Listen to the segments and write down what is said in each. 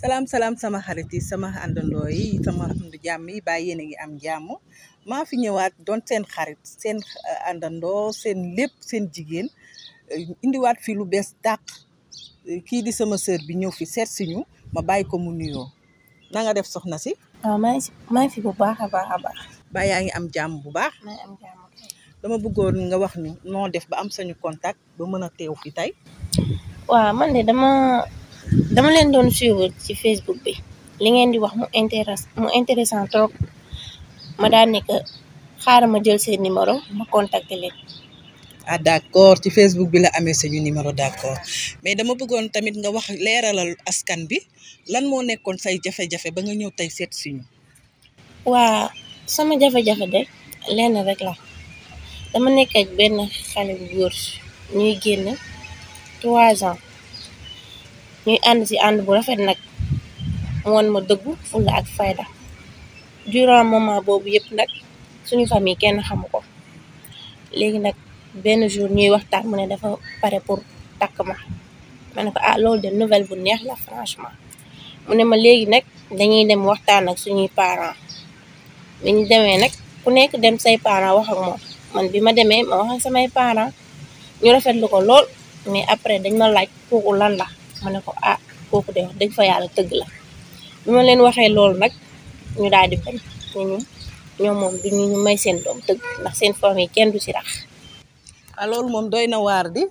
salaam salaam sama xarit yi sama àndandoo yi sama am jàmm yi bàyyi yéen a ngi am jàmm maa fi ñëwaat doon seen xarit seen euh, àndandoo seen lépp seen jigéen euh, indiwaat fi lu bees dàq euh, kii di sama sœur bi ñëw fi seet si ñu ma bàyyi ko mu nuyoo na def soxna si. waaw ah, si bu baax a baax a baax. ba yaa ngi am jàmm bu baax. maa ngi dama bëggoon nga wax ñu noo def ba am sañu contact ba mën a teew fi tey. man de dama. dama leen doon suivre ci Facebook bi li ngeen di wax mu intéress mu intéressant trop ma daa nekk xaaral ma jël seen numéro ma contacter leen. ah d' accord ci Facebook bi la amee suñu numéro d' accord mais dama bëggoon tamit nga wax leeralal askan bi lan moo nekkoon say jafe-jafe ba nga ñëw tey seet suñu. waa sama jafe-jafe de lenn rek la dama nekk ak benn xale bu góor ñuy génn trois ans. ñuy ànd si ànd bu rafet nag mu won ma dëggu fulla ak fayda durant moment boobu yëpp nag suñu famille kenn xamu ko léegi nag benn jour ñuy waxtaan mu ne dafa pare pour takk ma ma ne ko ah, loolu de nouvelle bu neex la mu ne ma léegi nag dañuy dem waxtaan ak suñuy parents bi ñu demee nag ku nekk dem say parent wax ak moom man bi ma demee ma wax samay parent ñu rafetlu ko lool mais après dañ ma laaj kooku lan la ma ne ko ah kooku de dañ dëgg fa tëgg la ñu ma leen waxee loolu nag ñu daal di bañ ñu ñun ñoom moom du ñu may seen doom tëgg ndax seen famille kenn du ci rax. ah loolu moom doy na waar di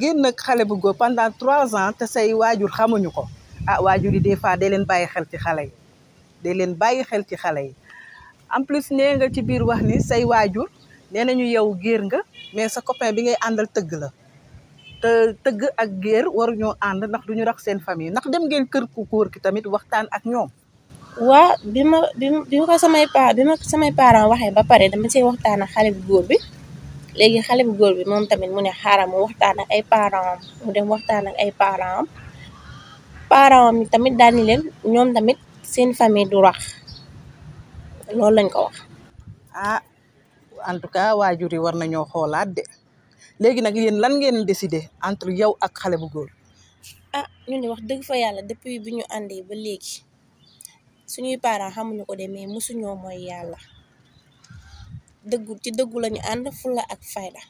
génn nag xale bu góor pendant trois ans te say waajur xamuñu ko ah waajur yi des fois day leen bàyyi xel ci xale yi day leen bàyyi xel ci xale yi en plus nee nga ci biir wax ni say waajur nee nañu yow géer nga mais sa copain bi ngay àndal tëgg la. te tëgg ak géer ñoo ànd ndax ñu rax seen famille ndax dem ngeen kër ku góor ki tamit waxtaan ak ñoom. waa bi ma bi ma samay pa bi ma samay parents waxee ba pare dama see waxtaan ak xale bu góor bi léegi xale bu góor bi moom tamit mu ne xaaral mu waxtaan ak ay parent am mu dem waxtaan ak ay parents am parents am tamit daal ni leen ñoom tamit seen famille du rax loolu lañ ko wax. Ah, en tout cas waajur yi war nañoo xoolaat de. léegi nag yéen lan ngeen décider entre yow ak xale bu góor. a ah, ñu ne wax dëgg fa yàlla depuis bi ñu àndee ba léegi suñuy parent xamuñu ko de mais mosuñoo mooy yàlla dëggu ci dëggu lañu ànd fulla ak fayda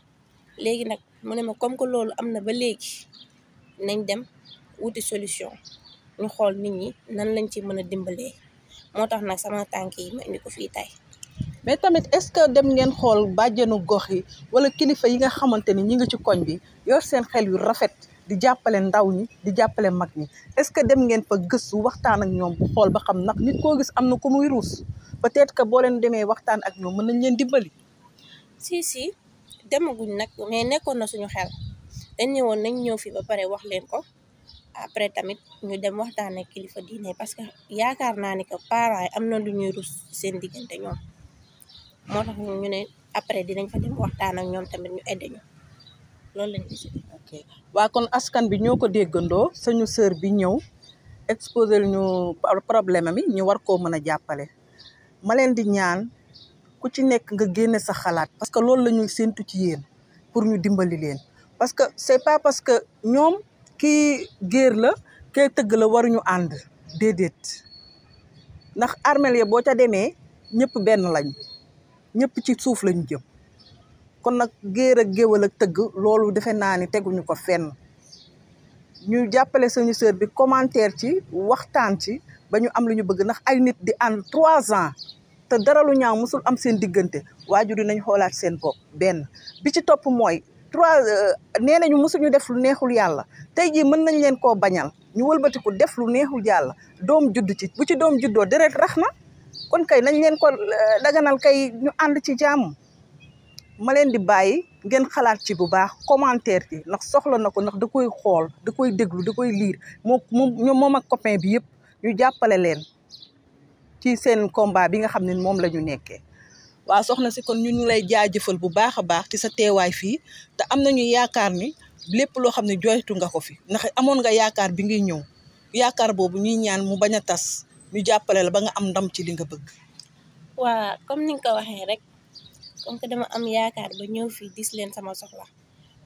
léegi nag mu ne ma comme que loolu am na ba léegi nañ dem wuti solution ñu xool nit ñi nan lañ ci mën a dimbalee moo tax nag sama tànk yi ma indi ko fii tey. mais tamit est ce que dem ngeen xool bàjjenu gox yi wala kilifa yi nga xamante ni ñi nga ci koñ bi yor seen xel yu rafet di jàppale ndaw ñi di jàppale mag ñi est ce que dem ngeen fa gëstu waxtaan ak ñoom bu xool ba xam nag nit koo gis am na ku muy ruus peut être que boo leen demee waxtaan ak ñoom mën nañ leen dimbali. si si demaguñ nag mais nekkoon na suñu xel dañ ñëwoon nañ ñëw fi ba pare wax leen ko après tamit ñu dem waxtaan ak kilifa diine parce que yaakaar naa ni parents yi lu ñuy seen diggante ñoom. moo tax ñu ne après dinañ fa dem waxtaan ak ñoom tamit ñu aide ñu loolu lañ gis. ok waa kon askan bi ñoo ko déggandoo suñu sœur bi ñëw exposé ñu problème mi ñu war koo mën a jàppale ma leen di ñaan ku ci nekk nga génne sa xalaat parce que loolu lañu ñuy séntu ci yéen pour ñu dimbali leen parce que c'est pas parce que ñoom kii géer la kee tëgg la waruñu ànd déedéet ndax armel ya boo ca demee ñëpp benn lañu ñëpp ci suuf lañu jëm kon nag géer ak géwal ak tëgg loolu defe naa ni teguñu ko fenn ñu jàppale suñu sœur bi commentaire ci waxtaan ci ba ñu am lu ñu bëgg ndax ay nit di ànd trois ans te dara lu ñaaw mësul am seen diggante waa yi nañu xoolaat seen bopp benn bi ci topp mooy trois euh, nee nañu mësuñu def lu neexul yàlla te jii mën nañ leen ko bañal ñu wëlbatiku def lu neexul yàlla doom judd ci bu ci doom juddoo deret rax na kon kay nañ leen ko euh, daganal kay ñu ànd ci jàmm ma leen di bàyyi ngeen xalaat ci bu baax commentaire yi ndax soxla na ko ndax da koy xool da koy déglu da koy liir moo moom moom ak copain bi yëpp ñu jàppale leen ci seen combat bi nga xam ne moom lañu ñu nekkee waaw soxna si kon ñu ngi lay jaajëfal bu baax a baax ci sa teewaay fii te am nañu yaakaar ni lépp loo xam ne jooytu nga ko fi ndax amoon nga yaakaar bi ngay ñëw yaakaar boobu ñuy ñaan mu bañ a tas ñu jàppale la ba nga am ndam ci li nga bëgg waa comme ni nga ko waxee rek comme que dama am yaakaar ba ñëw fii dis leen sama soxla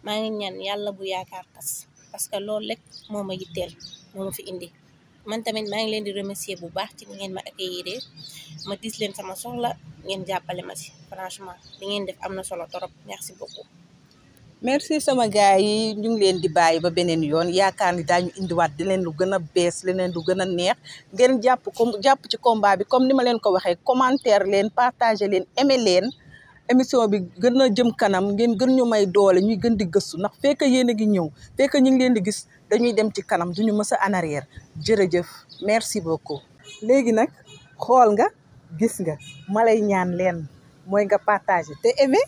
maa ngi ñaan yàlla bu yaakaar tas parce que loolu rek moo ma yitteel moo fi indi man tamit maa ngi leen di remercier bu baax ci ni ngeen ma accueillir ma dis leen sama soxla ngeen jàppale ma si franchement li ngeen def am na solo torop merci beaucoup merci sama gars yi ñu ngi leen di bàyyi ba beneen yoon yaakaar ni daañu indiwaat di leen lu gën a bees leneen lu gën a neex ngeen jàpp comme jàpp ci combat bi comme ni ma leen ko waxee commentaire leen partager leen aimer leen émission bi gën a jëm kanam ngeen gën ñu may doole ñuy gën di gëstu ndax fekk yéen a gi ñëw fekk ñu ngi leen di gis dañuy dem ci kanam duñu mës a en jërëjëf merci beaucoup léegi nag xool nga gis nga ma lay ñaan leen mooy nga partager te aimer